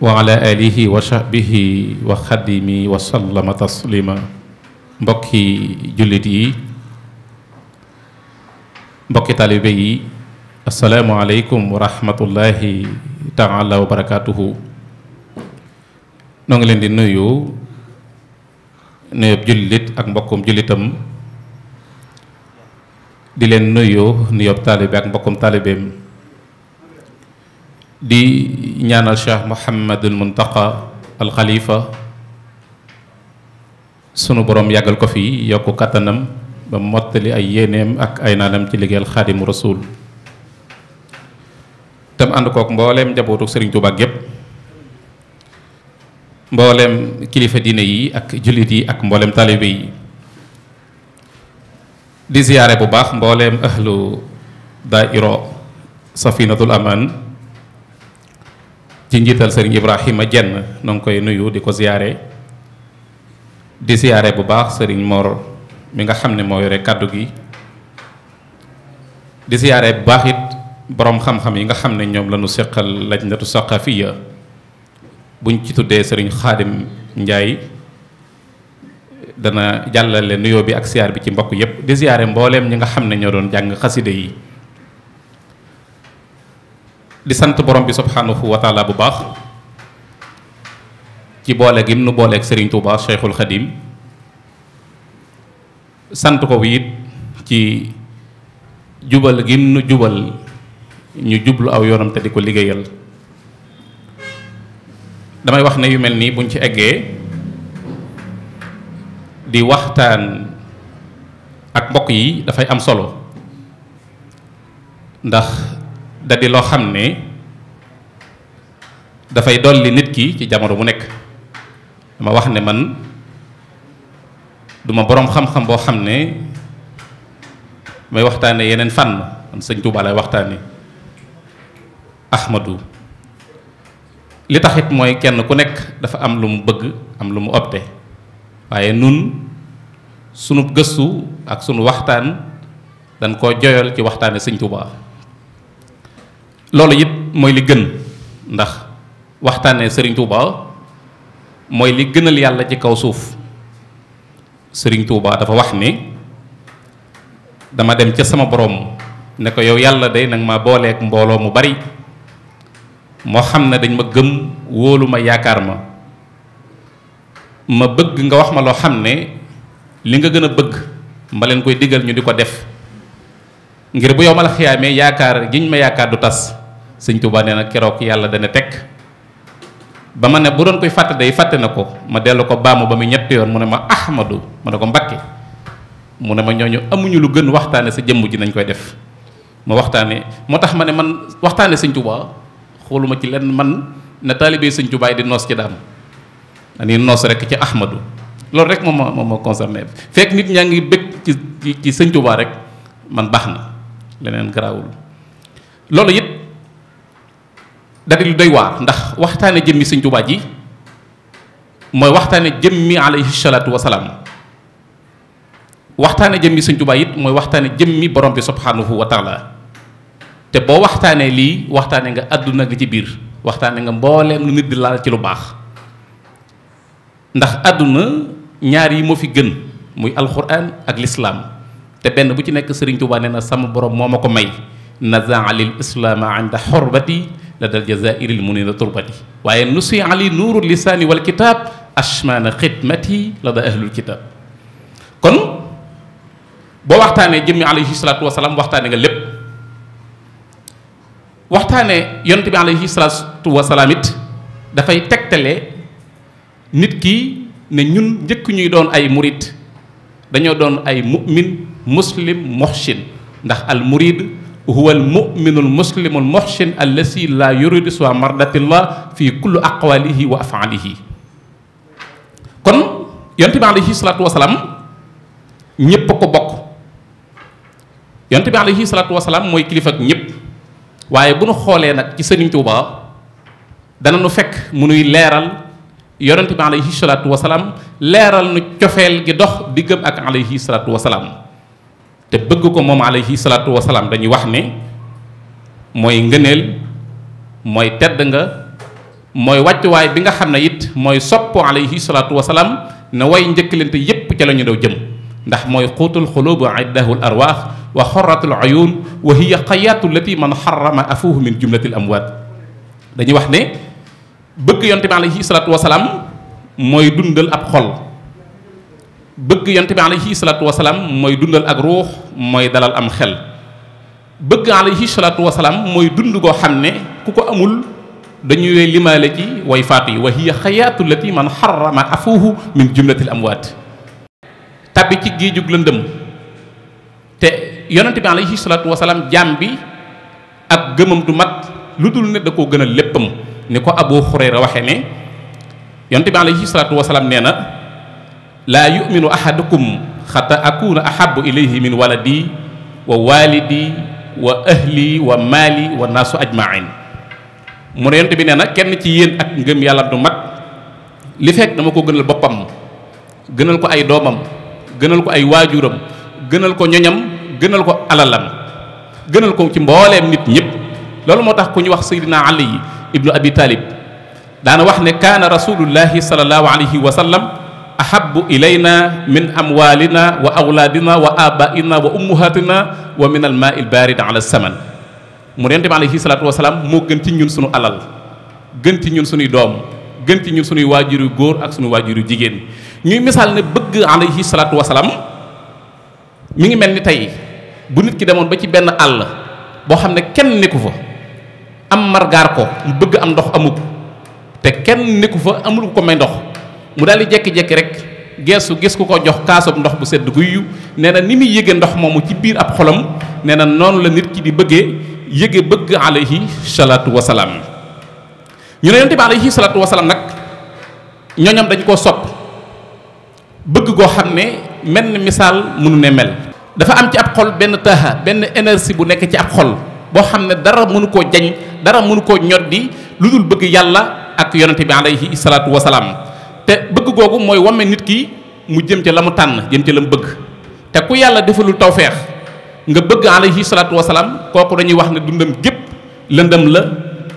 wa ala alihi wa sahbihi wa xadimi wa sallama taslima mbokki jullit yi mbokki talibe yi asalaamualeykum wa rahmatullahi taala wa barakatuhu noo ngi leen di nuyu nuyub jullit ak mbokkum jullitam di leen nuyu nuyub talibe ak mbokkum talibeem di ñaanal cheikh mohammadul muntaqa al xalifa sunu boroom yàggal ko fi yokk kàttanam ba mottali ay yéeneem ak ay naanam ci liggéeyal xaadimu te tam ànd kook mbooleem njabootu sëriñ Tuubaa yépp mbooleem kilifa diine yi ak jullit yi ak mbooleem taalibe yi di ziyaare bu baax mbooleem ahlu daairo safinatul aman ci njiital sëriñ Ibrahima jenn no ngi koy nuyu di ko ziyaare di ziyaare bu baax sëriñ Mor mi nga xam ne moo yore kàddu gi di ziyaare bu baax it boroom xam-xam yi nga xam ne ñoom lañu seqal lajnatu saqafiya buñ ci tuddee sëriñ Xaadim Njaay dana jàllale nuyoo bi ak ziyaar bi ci mbokk yépp di ziyaare mbooleem ñi nga xam ne ñoo doon jàng xaside yi di sant borom bi subhanahu wa taala bu baax ci boole gim nu booleeg Serigne Touba Cheikhul Khadim sant ko it ci jubal gim nu jubal ñu jublu aw yoonam te di ko liggéeyal damay wax ne yu mel nii buñ ci eggee di waxtaan ak mbokk yi dafay am solo ndax da loo xam ne dafay dolli nit ki ci jamono bu nekk dama wax ne man duma boroom xam-xam boo xam ne may waxtaane yeneen fànn man sëñ Tuubaa lay waxtaane Ahmadu li taxit mooy kenn ku nekk dafa am lu mu bëgg am lu mu opte waaye nun sunu gëstu ak sunu waxtaan dañ koo joyal ci waxtaane sëñ Tuubaa loolu it mooy li gën ndax waxtaanee sëriñ Touba mooy li gënal yàlla ci kaw suuf sëriñ Touba dafa wax ni dama dem ca sama borom ne ko yow yàlla de nag ma booleek mbooloo mu bari moo xam ne dañ ma gëm wóolu ma yaakaar ma ma bëgg nga wax ma loo xam ne li nga gën a bëgg ma leen koy digal ñu di ko def ngir bu yow ma la xiyaamee yaakaar giñ ma yaakaar du tas sëñ Tuubaa nee na keroog yàlla dana teg ba ma ne bu doon koy fàtte day fàtte na ko ma dellu ko baamu ba mu ñett yoon mu ne ma ahmadu ma ne ko mbakke mu ne ma ñooñu amuñu lu gën waxtaane sa jëmm ji nañ koy def ma waxtaane moo tax ma ne man waxtaane sëñ xooluma ci lenn man na taalibee sëñ Tuubaa di noos ci daam dañuy noos rek ci ahmadu loolu rek moom moo moo concerné fekk nit ñaa ngi bëgg ci ci sëñ Tuubaa rek man baax na leneen garaawul dadi lu doy waar ndax waxtaane jëmmi sëñ Tuubaa ji mooy waxtaane jëmmi alayhi salaatu wasalaam waxtaane jëmmi sëñ Tuubaa it mooy waxtaane jëmmi borom bi subhanahu wa taala te boo waxtaanee lii waxtaane nga àdduna gi ci biir waxtaane nga mbooleem lu nit laal ci lu baax ndax àdduna ñaar yi moo fi gën muy alquran ak lislaam te benn bu ci nekk sëriñ Tuubaa nee na sama borom moo ma ko may nazaa lil islaama inda xurbati la dal jazairil munira turbati waaye nusi ali nuuru lisaani wal kitaab ashmaana xidmati la da ahlul kitaab kon boo waxtaanee jëmmi alayhi salaatu wasalaam waxtaane nga lépp waxtaanee yonent bi alayhi salaatu wasalaam it dafay tegtale nit ki ne ñun njëkk ñuy doon ay murit dañoo doon ay mu'min muslim muhsin ndax al murid huwa al muminu al muslimu al muhsin allazi fi kulli aqwalihi wa afalihi kon yonte bi alayhi salaatu wasalaam ñépp a ko bokk yonte bi alayhi salaatu wasalaam mooy kilifa ak ñépp waaye bu nu xoolee nag ci Sëriñ Tuuba dana nu fekk mu nuy leeral yonente bi alayhi salaatu wasalaam leeral nu cofeel gi dox diggam ak alayhi salaatu wasalaam te bëgg ko moom alayhi salaatu wasalaam dañuy wax ne mooy ngëneel mooy tedd nga mooy wàccuwaay bi nga xam ne it mooy sopp alayhi salaatu wasalaam ne way njëkkalante yépp ca la ñu daw jëm ndax mooy xuutul xuluub wa iddahu arwaax wa xorratul uyuun wa hiya xayaatu lati man xarama afuuhu min jumlatil amwaat dañuy wax ne bëgg yonte bi alayhi salaatu wasalaam mooy dundal ab xol bëgg yonte bi alayhi salaatu wasalaam mooy dundal ak ruux mooy dalal am xel bëgg alayhi salaatu wasalaam mooy dund goo xam ne ku ko amul dañu lay limaale ci woy faatu yi wa hiya man xarama afuuhu min jumlatil amwaat tabbi ci géejug lëndëm te yonente bi alayhi salaatu wasalaam jaam bi ak gëmam du mat lu dul ne da ko gëna a léppam ni ko abu xurayra waxe ne yonente bi alayhi salaatu wasalaam nee na laa yuminu ahadukum xata akuna ahabu ilayhi min waladi wa walidi wa ahli wa maali wa naasu ajmain mu ne yonent bi nee na kenn ci yéen ak ngëm yàlla du mag li fekk dama ko gënal boppam gënal ko ay doomam gënal ko ay waajuram gënal ko ñoñam gënal ko alalam gënal ko ci mbooleem nit ñëpp loolu moo tax ku ñu wax sayyidina ali ibnu abi talib daana wax ne kaana rasulullahi sallallahu alayhi wa ahabu ilayna min amwalina wa awlaadina wa abaina wa ummuhatina wa min al maa il barid ala saman mu yonent bi alayhi salaatu wasalaam moo gën ci ñun suñu alal gën ci suñuy doom gën suñuy waajur yu góor ak suñu waajur yu jigéen ñuy misaal ne bëgg alayhi salaatu wasalaam mi ngi mel ni tey bu nit ki demoon ba ci benn àll boo xam ne kenn nekku fa am margaar ko mu bëgg am ndox amu te kenn nekku fa amul ko may ndox mu daal di jekki-jekki geesu gis ku ko jox kaasub ndox bu sedd guyyu nee na ni muy yëge ndox moomu ci biir ab xolam nee na noonu la nit ci di bëggee yége bëgg alayhi salaatu wasalaam ñu ne yonte bi alayhi salaatu wasalaam nag ñooñam dañu koo sopp bëgg goo xam ne mel ni misaal mënu ne mel dafa am ci ab xol benn taaxa benn énergie bu nekk ci ab xol boo xam ne dara mënu koo jañ dara mënu koo ñoddi lu dul bëgg yàlla ak yonente bi alayhi salaatu wasalaam te bëgg googu mooy wamme nit ki mu jëm ca la mu tànn jëm ca la mu bëgg te ku yàlla defalul tawfeex nga bëgg alayhi salaatu wasalaam kooku dañuy wax ne dundam gépp lëndëm la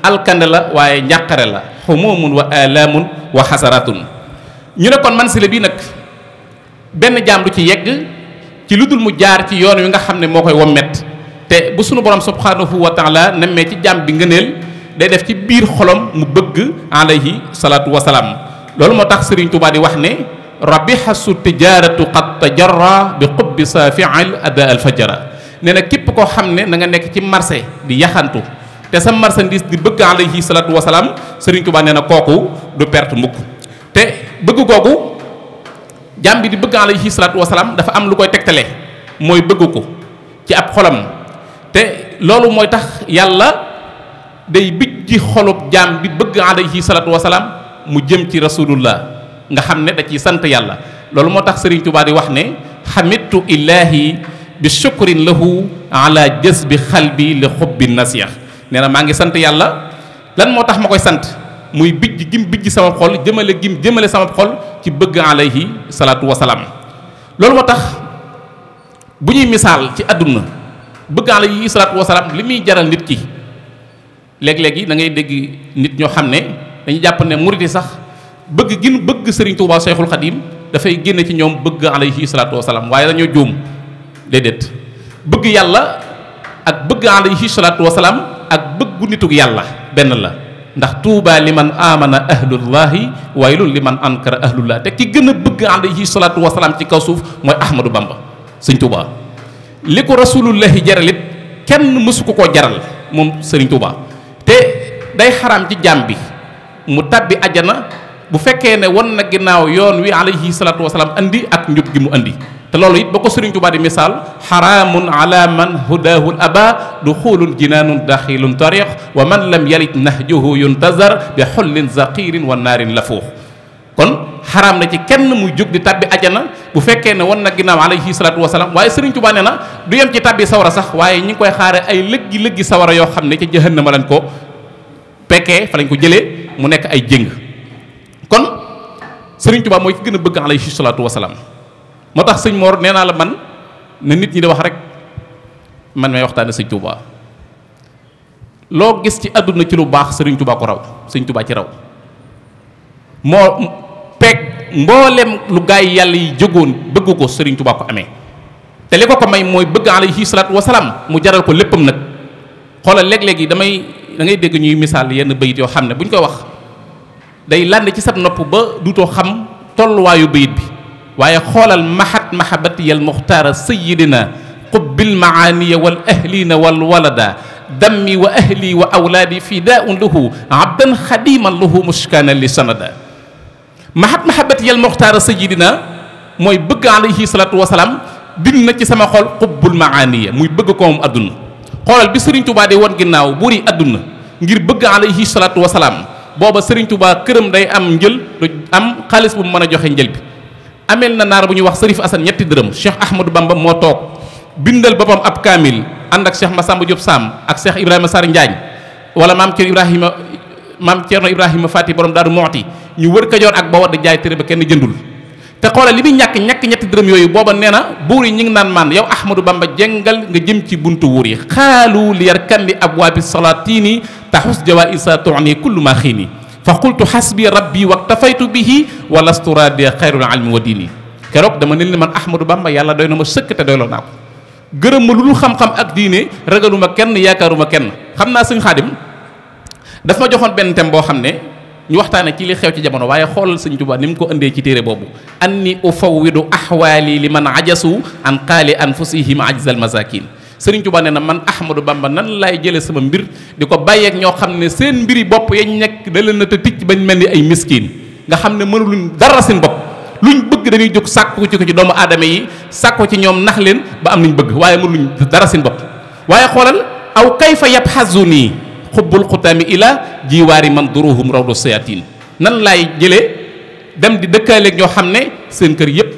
alkande la waaye njàqare la xumumun wa alaamun wa xasaratun ñu ne kon man si bii nag benn jaam du ci yegg ci lu dul mu jaar ci yoon wi nga xam ne moo koy wommet te bu sunu borom subhanahu wa taala nemmee ci jaam bi ngëneel day def ci biir xolom mu bëgg alayhi salaatu wasalaam loolu moo tax Serigne Touba di wax ne rabiha su tijaaratu qad tajarra bi qubbi saafiil ada alfajara nee na képp koo xam ne na nekk ci marché di yaxantu te sa marchandise di bëgg alayhi salaatu wasalaam Serigne Touba nee na kooku du perte mukk te bëgg googu jàmm bi di bëgg alayhi salaatu wasalaam dafa am lu koy tegtale mooy bëgg ko ci ab xolam te loolu mooy tax yàlla day bij ji xolub jaam bi bëgg alayhi salaatu wasalaam mu jëm ci rasulullah nga xam ne da ciy sant yàlla loolu moo tax Serigne Touba di wax ne xamitu illaahi bi shukrin lahu ala jasbi xalbi li xubbi nasiya nee na maa ngi sant yàlla lan moo tax ma koy sant muy bijj gim bijj sama xol jëmale gim jëmale sama xol ci bëgg alayhi salaatu wasalaam loolu moo tax bu ñuy misaal ci àdduna bëgg alayhi salaatu wasalaam li muy jaral nit ki léeg-léegi da ngay dégg nit ñoo xam ne dañu jàpp ne murit yi sax bëgg gin bëgg sëriñ Tuubaa Seexul Xadiim dafay génn ci ñoom bëgg alayhi salaatu wasalaam waaye dañoo juum déedéet bëgg yàlla ak bëgg alayhi salaatu wasalaam ak bëggu nitug yàlla benn la ndax tuubaa li man amana ahlullahi waylun li man ankara ahlullah te ki gën a bëgg alayhi wa wasalaam ci kaw suuf mooy Ahmadou Bamba sëñ Tuubaa li ko rasulullahi jaralit kenn mësu ko koo jaral moom sëriñ Tuubaa te day xaraam bi mu tabbi ajana bu fekkee ne won na ginnaaw yoon wi alayhi salaatu wasalaam andi ak njub gi mu indi te loolu it boo ko Sëriñ Tuubaa di misaal xaraamun ala man hudaahul aba duxulun jinaanun daxilun tariq wa man lam yalit nahjuhu yuntazar bi xullin zaqirin wa naarin lafuux kon xaraam na ci kenn muy jóg di tàbbi ajana bu fekkee ne won na ginnaaw alayhi salaatu wasalaam waaye Sëriñ Tuubaa nee na du yem ci tàbbi sawara sax waaye ñi ngi koy xaare ay lëggi lëggi sawara yoo xam ne ca jahannama lañ ko pekkee fa lañ ko jëlee mu nekk ay jëng kon sëriñ Tuubaa mooy ki gën a bëgg alayhi salaatu wasalaam moo tax sëñ Mor nee naa la man ne nit ñi di wax rek man may waxtaane sëñ Tuubaa loo gis ci àdduna ci lu baax sëriñ Tuubaa ko raw sëñ Tuubaa ci raw moo peeg mboolem lu gaay yi yàlla yi jógoon bëgg ko sëriñ Tuubaa ko amee te li ko ko may mooy bëgg alayhi salaatu mu jaral ko léppam nag xoolal léeg-léeg yi damay da ngay dégg ñuy misaal yenn bayit yoo xam ne bu ñu koy wax day lànd ci sab nopp ba duutoo xam tolluwaayu bayit bi waaye xoolal mahat mahabati yal muxtaara sayidina qubbil maaniya wal ahlina wal walada dammi wa ahli wa awlaadi fidaaun lahu abdan xadiman lahu muskaana li sanada mahat mahabati yal muxtaara sayidina mooy bëgg alayhi salatu wasalaam bind na ci sama xol xubbul maaniya muy bëgg ko moom xoolal bi Serigne Touba day wan ginnaaw buur yi àdduna ngir bëgg alayhi salaatu wasalaam booba Serigne Touba këram day am njël du am xaalis bu mu mën a joxe njël bi. ameel na naar bu ñuy wax Serif Assane ñetti dërëm Cheikh Ahmadou Bamba moo toog bindal boppam ab kaamil ànd ak ma Massamba Diop Sam ak Cheikh Ibrahima Sarr Njaañ wala maam Thierno Ibrahima maam Thierno Ibrahima Fati borom Daaru Moxti ñu wër Kajoor ak Bawol di jaay tere ba kenn jëndul. te xoolal li muy ñàkk ñàkk ñetti dërëm yooyu booba nee na buur yi ñu ngi naan maan yow Ahmadou Bamba jengal nga jëm ci buntu wuur yi xaalu li yar kan li abwaabi salaatini taxus jawaisa toni kullu ma xiini fa qultu xasbi rabbi waktafaytu bihi wa lastu raadi xayrul almi wa diini keroog dama ne leen man Ahmadou Bamba yàlla doy na ma sëkk te doyloo naa ko gërëm ma lu dul xam-xam ak diine ragaluma kenn yaakaaruma kenn xam naa sëñ Xaadim ma joxoon benn thème boo xam ne ñu waxtaane ci li xew ci jamono waaye xoolal sëñ Tuubaa ni mu ko indee ci téere boobu anni ufawwidu ahwaali li man ajasu an qaali anfusihim ajzal masakin sëriñ Tuubaa nee na man Ahmadou Bamba nan laay jële sama mbir di ko bàyyeek ñoo xam ne seen mbiri bopp yañ nekk da leen na te ticc bañ mel ni ay miskin nga xam ne mënuluñ dara seen bopp luñ bëgg dañuy jóg sàkku ci ko ci doomu aadama yi sàkku ci ñoom nax leen ba am luñ bëgg waaye mënuluñ dara seen bopp waaye xoolal aw kayfa yabxazu nii xubbul xutaami ila jiwaari man duruhum rawdu sayatin nan laay jëlee dem di dëkkaaleeg ñoo xam ne seen kër yëpp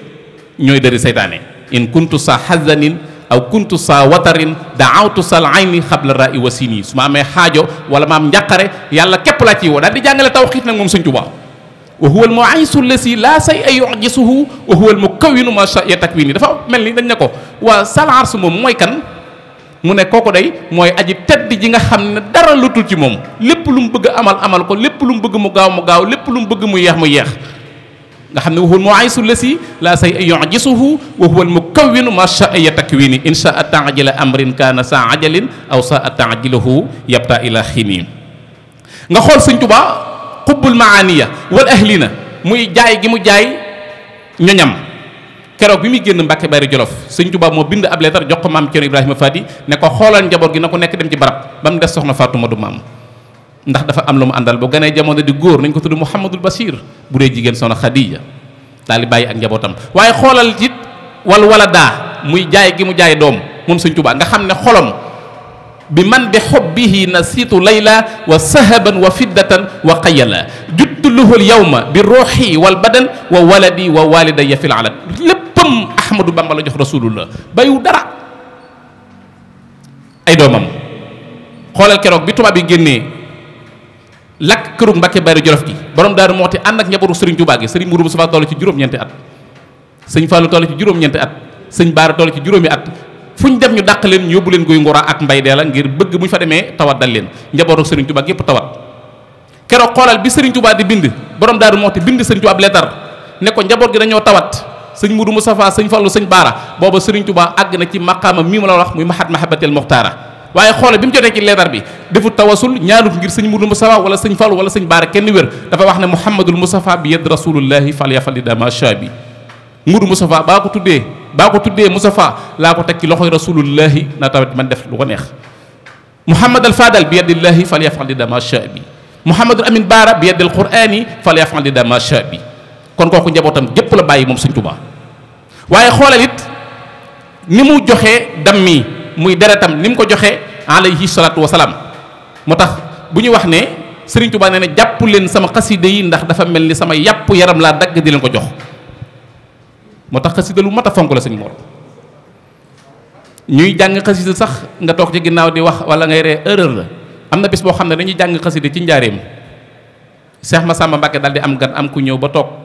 ñooy dari saytaane in kuntu sa hazanin aw kuntu sa watarin daawtu sal ayni xabla ra'i wa sini su ma amee xaajo wala ma am njàqare yàlla képp laa ciy woo daal di jàngale tawxiit nag moom sëñ Tuubaa wa huwa al muayisu lasi laa a ay yujisuhu wa huwa al mukawinu ma sha ya takwini dafa mel ni dañ ne ko waa sal ars moom mooy kan mu ne di ji nga xam ne dara lutul ci moom lépp lu mu bëgg amal amal ko lépp lu mu bëgg mu gaaw mu gaaw lépp lu mu bëgg mu yeex mu yeex nga xam ne waxul moo aysu la si laa say yojisuhu wa huwa al mukawwinu ma shaa ya takwini in shaa taajila amrin kaana saa ajalin aw saa taajilahu yabta ila xini nga xool sëñ Tuubaa xubbul maaniya wal ahlina muy jaay gi mu jaay ñoñam keroog bi muy génn Mbàkke Bari Jolof sëñ Tuubaa moo bind ab leetar jox ko maam Cerno Ibrahima Faty ne ko xoolal njaboot gi na ko nekk dem ci barab ba mu des soxna Fatou Madou maam ndax dafa am lu mu àndal bu a jamono di góor nañ ko tudd Mouhamadul Bachir bu dee jigéen soxna Khadija daal di bàyyi ak njabootam waaye xoolal it wal wala daa muy jaay gi mu jaay doom moom sëñ Tuubaa nga xam ne xolom bi man bi xobbihi nasiitu layla wa sahaban wa fiddatan wa qayala juttu luhul yawma bi ruuxi wal badan wa waladi wa walidaya fil Ahmadou Bamba la jox rasulullah bayu dara ay doomam xoolal keroog bi tubaab yi génnee lakk kërug Mbàkke Bari Jolof gi borom daaru moo te ànd ak njabootu Serigne Touba gi Serigne Mourou Moustapha toll ci juróom at sëñ Fallou toll juróom-ñeenti at sëñ Baara toll ci juróomi at fu ñu dem ñu dàq leen yóbbu leen guy ngora ak mbay dee ngir bëgg bu fa demee tawat dal leen njabootu Serigne Touba yépp tawat keroog xoolal bi sëriñ tubaa di bind borom daaru moo te bind Serigne Touba ab leetar ne njaboot gi dañoo tawat sëñ Mudu Mustafaa sëñ Fallu sëñ Baara booba sëriñ Tuubaa àgg na ci maqaama mii ma la wax muy mahat mahabatil muxtaara waaye xoole bi mu jotee ci leetar bi deful tawasul ñaanut ngir sëñ Mudu Mustafaa wala sëñ Fallu wala sëñ Baara kenn wér dafa wax ne Muhammadul Mustafaa bi yedd rasulullahi falyafali dama shaabi Mudu Mustafaa baa ko tuddee baa ko tuddee Mustafaa laa ko teg ci loxo loxoy rasulullahi na tawet man def lu ko neex Muhammad al Fadal bi yadillahi falyafali dama shaabi Muhammadul Amin Baara bi yeddil qur'ani falyafali dama shaabi kon kooku njabootam gépp la bàyyi moom sëñ Tuubaa waaye xoolal it ni mu joxe dam mi muy deretam ni mu ko joxe alayhi salaatu wasalaam moo tax bu ñu wax ne sëriñ Tuubaa nee na jàpp leen sama xaside yi ndax dafa mel ni sama yàpp yaram laa dagg di leen ko jox moo tax xasida lu mat a fonk la sëñ Mor ñuy jàng xasida sax nga toog ci ginnaaw di wax wala nga ree erreur la am na bis boo xam ne dañuy jàng xasida ci njaareem ma Massamba Mbacke dal di am gan am ku ñëw ba toog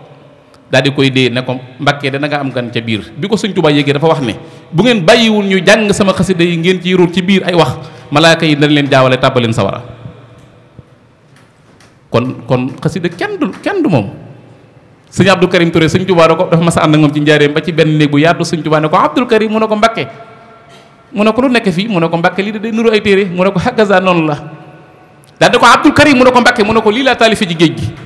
daal di koy dee ne ko Mbàkke dana nga am gan ca biir bi ko sëñ Tuubaa yéegee dafa wax ne bu ngeen bàyyiwul ñu jàng sama xasida yi ngeen ciy ruut ci biir ay wax malaaka yi dana leen jaawale tàbbaleen sawara kon kon xasida kenn du kenn du moom sëñ Abdou Karim Touré suñ Tuubaa da ko dafa mas a ànd ak moom ci njaareem ba ci benn néeg bu yaatu sëñ Tuubaa ne ko Abdou Karim mu ne ko Mbàkke mu ne ko lu nekk fii mu ne ko Mbàkke lii da day nuru ay téere mu ne ko hakaza noonu la daal di ko Abdou Karim ko Mbàkke mu ne ko lii laa ci géej gi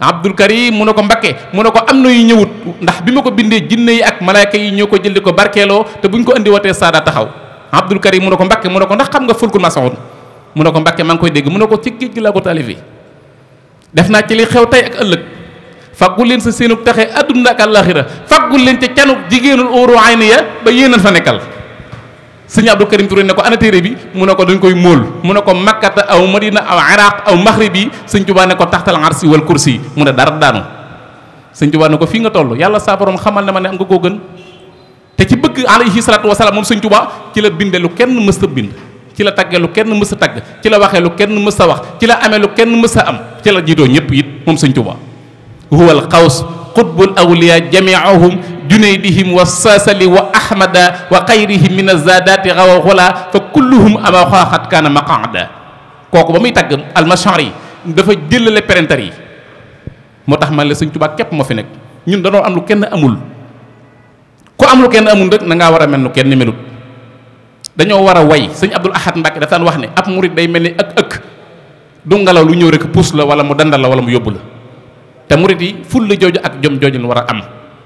abdul karim mu ne ko mbakke mu ne ko am na yu ñëwut ndax bi ma ko bindee jinne yi ak malaayka yi ñoo ko jël di ko barkeeloo te buñ ko indi watee saada taxaw abdul karim mu ne ko mbakke mu ne ko ndax xam nga fulkul masoon mu ne ko mbakke maa ngi koy dégg mu ne ko ci géej gi ko taalifi def naa ci li xew tey ak ëllëg faggul leen sa seenug taxe adduna ak àllaaxira faggul leen ca canug jigéenul óoru ayni ya ba yéenal fa nekkal sëñ Abdou Karim Touré ne ko ana téere bi mu ne ko dañ koy móol mu ne ko makkata aw madina aw iraq aw maxrib yi sëñ Tuubaa ne ko taxtal arsi wal kursi mu ne dara daanu sëñ Tuubaa ne ko fii nga toll yàlla saa borom xamal ne ma ne am nga koo gën te ci bëgg alayhi salaatu wasalaam moom sëñ Tuubaa ci la binde lu kenn mës a bind ci la tagge lu kenn mës a tagg ci la waxee lu kenn mës a wax ci la amee lu kenn mës a am ci la jiitoo ñëpp it moom sëñ Tuubaa huwal xaws qutbul awliya jamiahum junaydihim wa saasali wa ahmada wa xayrihim min azadati xawa xula fa kulluhum ama xaaxat kaana maqaada kooku ba muy tagg almachar yi dafa jëlale perentar yi moo tax man la sëñ Tuubaa képp moo fi nekk ñun danoo am lu kenn amul ku am lu kenn amul rek na war a mel nu kenn melut dañoo war a way sëñ Abdul Ahad Mbàkke dafa daan wax ne ab murit day mel ni ëkk ëkk du ngelaw lu ñëw rekk puus la wala mu dandal la wala mu yóbbu te murit yi fulla jooju ak jom jooju war a am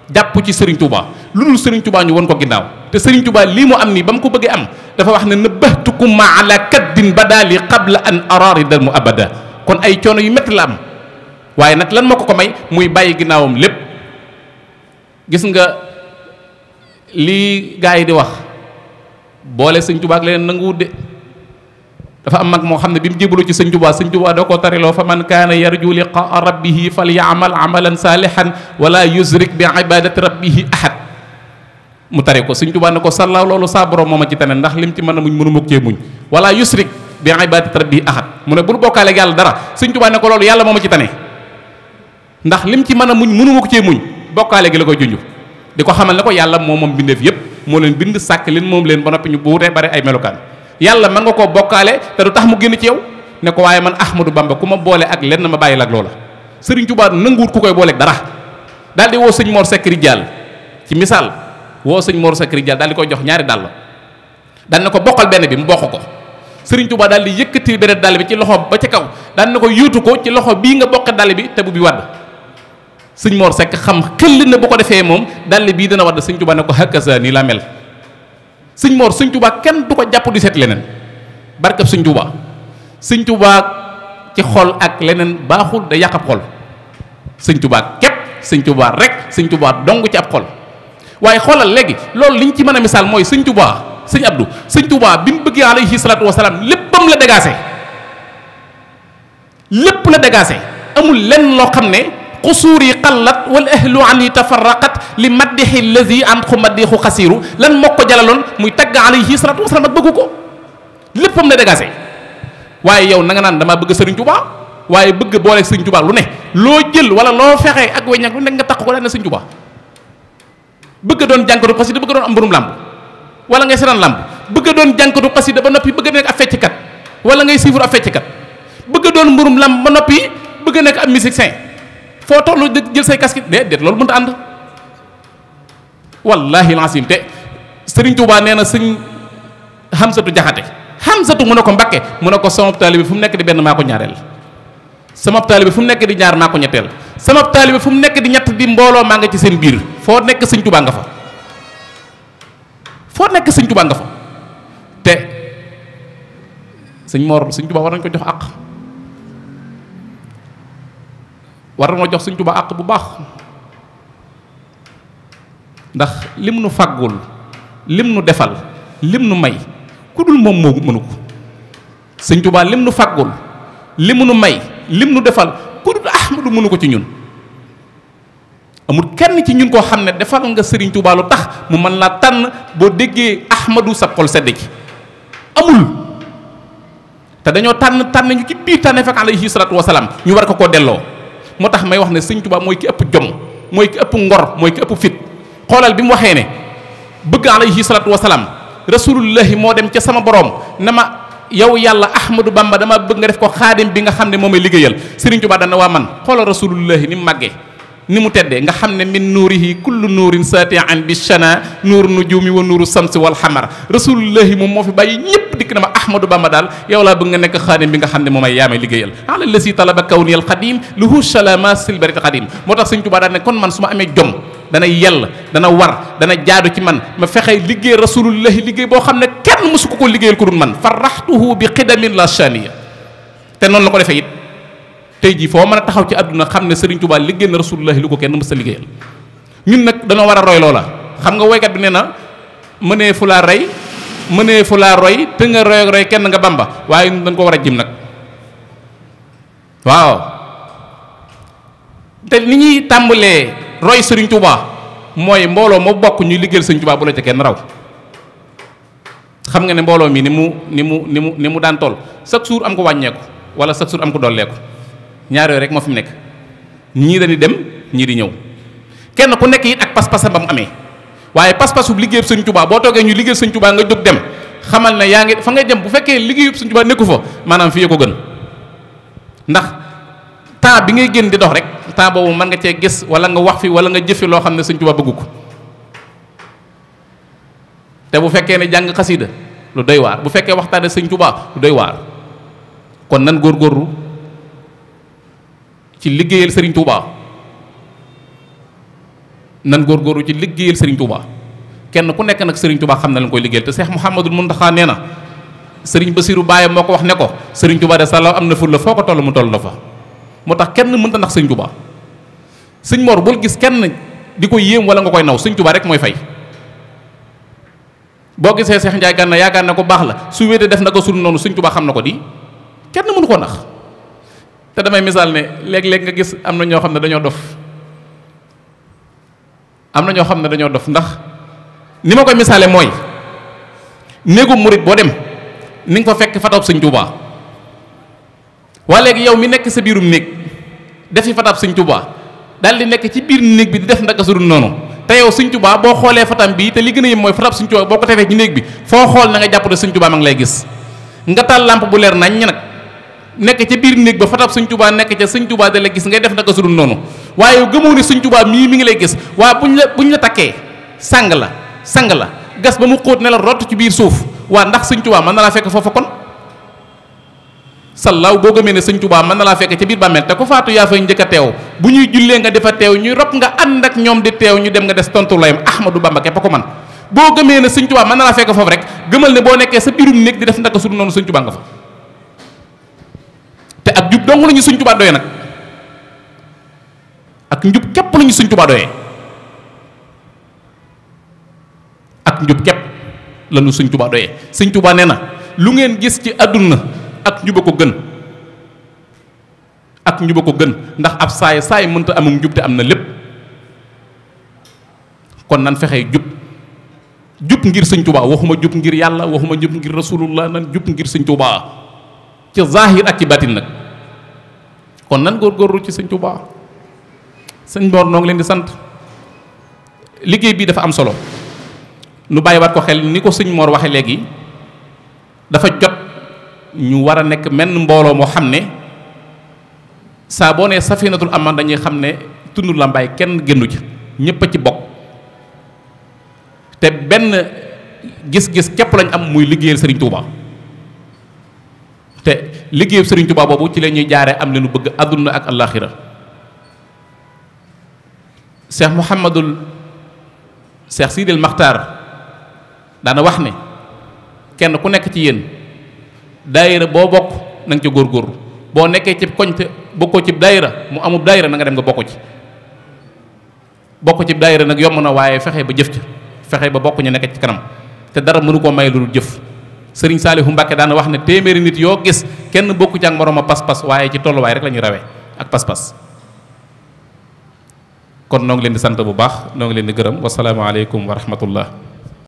jàpp ci Serigne Touba lu dul Serigne Touba ñu won ko ginnaaw te Serigne Touba lii mu am nii ba mu ko bëggee am dafa wax ne nëbbatukum ma ala kaddin badali qabla an araari dal mu abada kon ay coono yu métti la waaye nag lan moo ko ko may muy bàyyi ginnaawam lépp gis nga lii gaa yi di wax boole Serigne Touba ak leneen nanguwut de dafa am mag moo xam ne bi mu jébbaloo ci sëñ Tuubaa sëñ Tuubaa da ko tariloo fa man kaana yarju liqaa rabbihi falyamal amalan saalihan wala yusrik bi ibadati rabbihi ahad mu tari ko sëñ Tuubaa ne ko sàllaaw loolu saa borom mooma ci tane ndax lim ci mën a muñ mënu ma cee muñ wala yusrik bi mu bokkaale ak dara sëñ Tuubaa ko loolu yàlla mooma ci tane ndax lim ci mën a muñ mënu ma cee muñ bokkaale gi la koy junj di ko xamal ne ko yàlla moom moom bindeef yépp moo leen bind sàkk leen moom leen ba noppi ñu buutee bare ay melokaan yàlla man nga koo bokkaale te du tax mu génn ci yow ne ko waaye man Ahmadou Bamba ku ma boole ak lenn ma bàyyi la loola Serigne Touba nanguwut ku koy booleeg dara daal di woo sëñ Mor Sekri Diall ci misaal woo sëñ moor Sekri Diall daal di koy jox ñaari dàll daal na ko bokkal benn bi mu bokk ko sëriñ Touba daal di yëkkati beneen dàll bi ci loxo ba ca kaw daal na ko yuutu ko ci loxo bii nga bokke dàll bi te bu bi wadd sëñ Mor Sekk xam xel na bu ko defee moom dàll bii dana wadd sëñ Touba ne ko hakasa nii la sëñ Mor sëñ Touba kenn du ko jàpp di seet leneen barkab sëñ Touba sëñ Touba ci xol ak leneen baaxul da yàq ab sëñ Touba képp sëñ Touba rek sëñ Touba dong ci ab xol waaye xoolal léegi loolu liñ ci mën a misaal mooy sëñ Touba sëñ Abdou sëñ Touba bi mu bëggee alayhi salaatu wasalaam léppam la dégaase lépp la dégaase amul lenn loo xam ne. yi xusuuri xallat wal ahlu ani tafarraqat li maddixi lazi an xu maddixu xasiiru lan moo ko jalaloon muy tagg alayhi salaatu wasalaam ak bëgg ko léppam la dégagé waaye yow na nga naan dama bëgg sëriñ Tuubaa waaye bëgg boole sëriñ Tuubaa lu ne loo jël wala loo fexe ak weñ ak lu nekk nga takk ko daan na sëriñ Tuubaa bëgg doon jànkatu xasida bëgg doon am mburum làmb wala ngay seetaan làmb bëgg doon jànkatu xasida ba noppi bëgg nekk ab fecckat wala ngay siifur ab fecckat bëgg doon mburum làmb ba noppi bëgg nekk ab musicien foo toll jël say casque de loolu mënta ànd wallahi lancim te sëriñ Tuubaa nee na sëñ Xamsatu Jaxate Xamsatu mu ne ko Mbakke mu ne ko sama taalibe fu mu nekk di benn maa ko ñaareel sama taalibe fu mu di ñaar maa ko ñetteel sama taalibe fu mu nekk di ñett di mbooloo maa ngi ci seen biir foo nekk sëñ Tuubaa nga fa foo nekk sëñ Tuubaa nga fa te sëñ Mor sëñ Tuubaa war nañ ko jox àq war na jox Sëñ Tuubaa àq bu baax ndax li nu fàggul lim nu defal lim nu may ku dul moom moo mënu ko Sëñ Tuubaa lim nu fàggul li nu may li nu defal ku Ahmadu mënu ko ci ñun amul kenn ci ñun koo xam ne defal nga Sëriñ Tuubaa lu tax mu mën laa tànn boo déggee Ahmadu sa xol sedd ci amul te dañoo tànn tànn ñu ci biir tànn fekk alayhi salaatu wasalaam ñu war ko koo delloo moo tax may wax ne sëñ Tuubaa mooy ki ëpp jom mooy ki ëpp ngor mooy ki ëpp fit xoolal bi mu waxee ne bëgg alayhi salaatu wasalaam rasulullahi moo dem ca sama borom na ma yow yàlla ahmadou bamba dama bëgg nga def ko xaadim bi nga xam ne may liggéeyal sëriñ Tuubaa dana waa man xoolal rasulullahi ni mu màggee ni mu teddee nga xam ne min nuurihi kullu nuurin satian bi shana nuur nujumi wa nuuru samsi wal xamar rasulullahi moom moo fi bàyyi ñëpp dikk na ma ba ma daal yow laa bëgg nga nekk xaadim bi nga xam ne moom ay yaamay liggéeyal ala lasi talaba kawni al qadim luhu shalama silbarit qadim moo tax sëñ tubaa daal ne kon man su ma amee jom dana yell dana war dana jaadu ci man ma fexe liggéey rasulullahi liggéey boo xam ne kenn mësu su ko liggéeyal ko dul man faraxtuhu bi qidamin la shaniya te noonu la ko defee it tey jii foo mën a taxaw ci àdduna xam ne Serigne Touba liggéey na rasulullahi lu ko kenn mës a liggéeyal ñun nag dañoo war a roy loola xam nga woykat bi nee na mënee fu laa rey mënee fu roy te nga roy kenn nga bamba waaye ñun dañ ko war a jim nag waaw te ni ñuy tàmbalee roy sëriñ Touba mooy mbooloo moo bokk ñuy liggéeyal Serigne Touba bu la ca kenn raw xam nga ne mbooloo mi ni mu ni mu ni mu ni mu daan tool chaque jour am ko wàññeeku wala chaque jour am ko dolleeku ñaar yooyu rek moo fi mu nekk ñii dañuy dem ñii di ñëw kenn ku nekk yi ak pas-pasam ba mu amee waaye pas-pasu liggéeyub sëñ Tuubaa boo toogee ñu liggéeyub sëñ Tuubaa nga jóg dem xamal na yaa ngi fa nga jëm bu fekkee liggéeyub sëñ Tuubaa nekku fa maanaam fii ko gën ndax temps bi ngay génn di dox rek temps boobu man nga cee gis wala nga wax fi wala nga jëf fi loo xam ne sëñ Tuubaa bëggu ko te bu fekkee ne jàng xasida lu doy waar bu fekkee waxtaane sëñ Tuubaa lu doy waar kon nan góorgóorlu ci liggéeyal sëriñ Touba nan góor góoru ci liggéeyal sëriñ Touba kenn ku nekk nag sëriñ Touba xam na la nga koy liggéeyal te Seex Muhammadul Muntaxa nee na sëriñ Basiru Baye moo ko wax ne ko sëriñ Touba de sala am na ful la foo toll mu toll na fa moo tax kenn mënta ndax sëriñ Touba sëñ Mor bul gis kenn di ko yéem wala nga koy naw sëriñ Touba rek mooy fay boo gisee Seex Njaay Gànna yaakaar ne ko baax la su wéetee def na ko sul noonu sëriñ Touba xam na ko di kenn mënu ko ndax te damay misaal ne léeg-léeg nga gis am na ñoo xam ne dañoo dof am na ñoo xam ne dañoo dof ndax ni ma koy misaale mooy néegu murit boo dem ni nga fa fekk fataab sëñ Tuubaa waa léegi yow mi nekk sa biirum néeg def fi fataab sëñ Tuubaa daal di nekk ci biir néeg bi di def ndaka su dul noonu te yow sëñ Tuubaa boo xoolee fatam bii te li gën a yëm mooy fataab sëñ Tuubaa boo ko tefee ci néeg bi foo xool na nga jàpp ne sëñ Tuubaa lay gis nga taal lampe bu leer nañ nekk ca biir néeg ba fatab sëñ tubaa nekk ca sëñ tubaa da la gis ngay def naka su dul noonu waaye gëmoo ne sëñ tubaa mi ngi lay gis waa buñ la buñ la takkee sang la sang la gas ba mu xóot ne la rott ci biir suuf waa ndax sëñ tubaa mën na laa fekk foofa kon sallaaw boo gëmee ne sëñ tubaa mën na laa fekk ca biir bàmmeel te ku faatu yaa bu ñuy jullee nga defa teew ñuy nga ànd ak ñoom di teew ñu dem nga des tontu layam ahmadou bamba képp ko man boo gëmee ne sëñ tubaa mën fekk foofu rek gëmal ne boo nekkee sa biirum néeg di def naka su dul noonu sëñ tubaa nga fa te ak jub dong lañu suñ tubaa doyee ak njub képp lañu suñ tubaa doyee ak njub képp lañu suñ tubaa doyee suñ tubaa nee na lu ngeen gis ci àdduna ak njuba ko gën ak njuba ko gën ndax ab saay saay mënta amul njub te am na lépp kon nan fexee jub jub ngir sëñ tubaa waxuma jub ngir yàlla waxuma jub ngir rasulullah nan jub ngir sëñ tubaa ci zahir ak ci batin nag kon nan góorgóorlu ci sëñ Tuubaa sëñ Mor noo ngi leen di sant liggéey bii dafa am solo nu bàyyi bàyyiwaat ko xel ni ko sëñ Mor waxe léegi dafa jot ñu war a nekk menn mbooloo moo xam ne saa boo nee am man dañuy xam ne tund làmbaay kenn génnu ci ñépp a ci bokk te benn gis-gis képp lañ am muy liggéeyal sëriñ Touba liggéeyu Serigne Touba boobu ci la ñuy jaare am leenu bëgg àdduna ak àllaaxira Cheikh Mouhamadul Cheikh Sidil Maxtaar daana wax ne kenn ku nekk ci yéen daayira boo bokk nañ nga góor góor boo nekkee ci koñ te bokkoo ci daayira mu amub daayira nanga dem nga bokk ci bokku ci daayira nag yomb na waaye fexe ba jëf ca fexe ba bokkuñu ñu nekk ci kanam te dara mënu koo may lu jëf sëriñ Saalihu Mbàkke daan wax ne téeméeri nit yoo gis kenn bokku ci ak moroom a pas-pas waaye ci tolluwaay rek la rawe rawee ak pas-pas kon noo ngi leen di sant bu baax noo ngi leen di gërëm wasalaamaaleykum wa rahmatullah